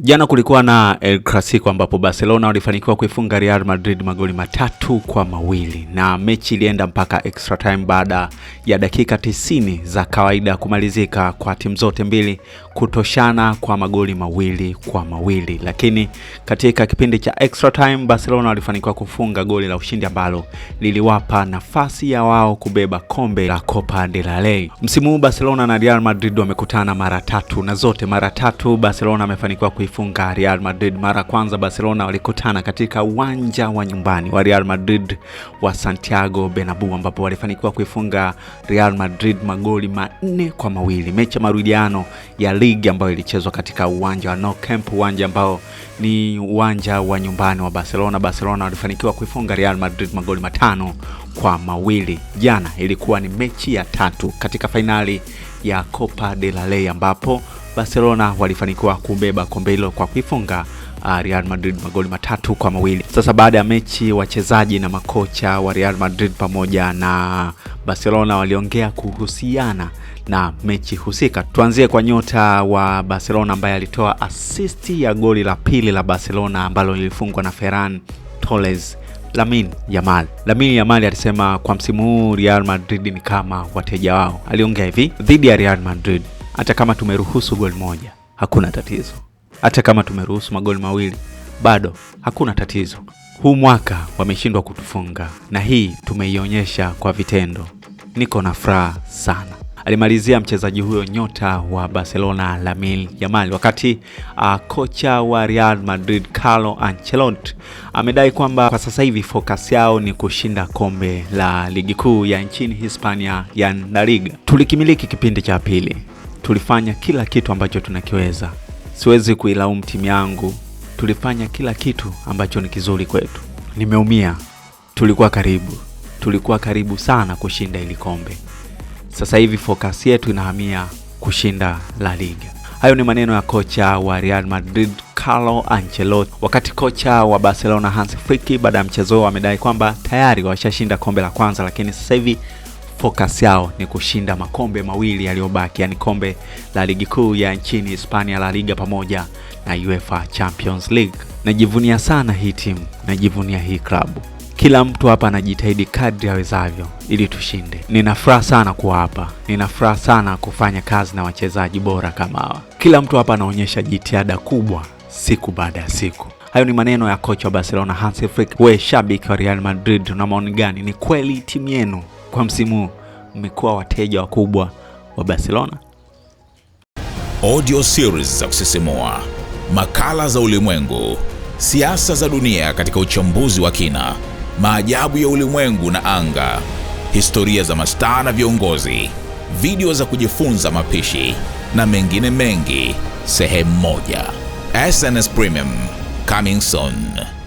Jana kulikuwa na El Clasico ambapo Barcelona walifanikiwa kuifunga Real Madrid magoli matatu kwa mawili na mechi ilienda mpaka extra time baada ya dakika 90 za kawaida kumalizika kwa timu zote mbili kutoshana kwa magoli mawili kwa mawili, lakini katika kipindi cha extra time Barcelona walifanikiwa kufunga goli la ushindi ambalo liliwapa nafasi ya wao kubeba kombe la Copa del Rey. Msimu huu Barcelona na Real Madrid wamekutana mara tatu na zote mara tatu Barcelona amefanikiwa walifunga Real Madrid. Mara kwanza Barcelona walikutana katika uwanja wa nyumbani wa Real Madrid wa Santiago Bernabeu ambapo walifanikiwa kuifunga Real Madrid magoli manne kwa mawili, mechi ya marudiano ya ligi ambayo ilichezwa katika uwanja wa Nou Camp, uwanja ambao ni uwanja wa nyumbani wa Barcelona. Barcelona walifanikiwa kuifunga Real Madrid magoli matano kwa mawili. Jana ilikuwa ni mechi ya tatu katika fainali ya Copa la Rey ambapo Barcelona walifanikiwa kubeba kombe hilo kwa kuifunga uh, Real Madrid magoli matatu kwa mawili. Sasa baada ya mechi, wachezaji na makocha wa Real Madrid pamoja na Barcelona waliongea kuhusiana na mechi husika. Tuanzie kwa nyota wa Barcelona ambaye alitoa asisti ya goli la pili la Barcelona ambalo lilifungwa na Ferran Torres. Lamin Yamal. Lamin Yamal alisema kwa msimu huu Real Madrid ni kama wateja wao. Aliongea hivi dhidi ya Real Madrid hata kama tumeruhusu goli moja, hakuna tatizo. Hata kama tumeruhusu magoli mawili, bado hakuna tatizo. Huu mwaka wameshindwa kutufunga, na hii tumeionyesha kwa vitendo. Niko na furaha sana, alimalizia mchezaji huyo nyota wa Barcelona Lamine Yamal. Wakati uh, kocha wa Real Madrid Carlo Ancelotti amedai kwamba kwa sasa hivi focus yao ni kushinda kombe la ligi kuu ya nchini Hispania, ya La Liga. Tulikimiliki kipindi cha pili tulifanya kila kitu ambacho tunakiweza. Siwezi kuilaumu timu yangu, tulifanya kila kitu ambacho ni kizuri kwetu. Nimeumia, tulikuwa karibu, tulikuwa karibu sana kushinda ili kombe. Sasa hivi fokasi yetu inahamia kushinda La Liga. Hayo ni maneno ya kocha wa Real Madrid Carlo Ancelotti, wakati kocha wa Barcelona Hansi Flick baada ya mchezo amedai kwamba tayari washashinda kombe la kwanza, lakini sasa hivi focus yao ni kushinda makombe mawili yaliyobaki, yani kombe la ligi kuu ya nchini Hispania, La Liga pamoja na UEFA Champions League. Najivunia sana hii timu, najivunia hii klabu. Kila mtu hapa anajitahidi kadri awezavyo ili tushinde. Nina furaha sana kuwa hapa, nina furaha sana kufanya kazi na wachezaji bora kama hawa. Kila mtu hapa anaonyesha jitihada kubwa siku baada ya siku. Hayo ni maneno ya kocha wa Barcelona Hansi Flick. We shabiki wa Real Madrid, una maoni gani? Ni kweli timu yenu kwa msimu huu mmekuwa wateja wakubwa wa Barcelona. Audio series za kusisimua, makala za ulimwengu, siasa za dunia katika uchambuzi wa kina, maajabu ya ulimwengu na anga, historia za mastaa na viongozi, video za kujifunza mapishi na mengine mengi, sehemu moja. SNS Premium coming soon.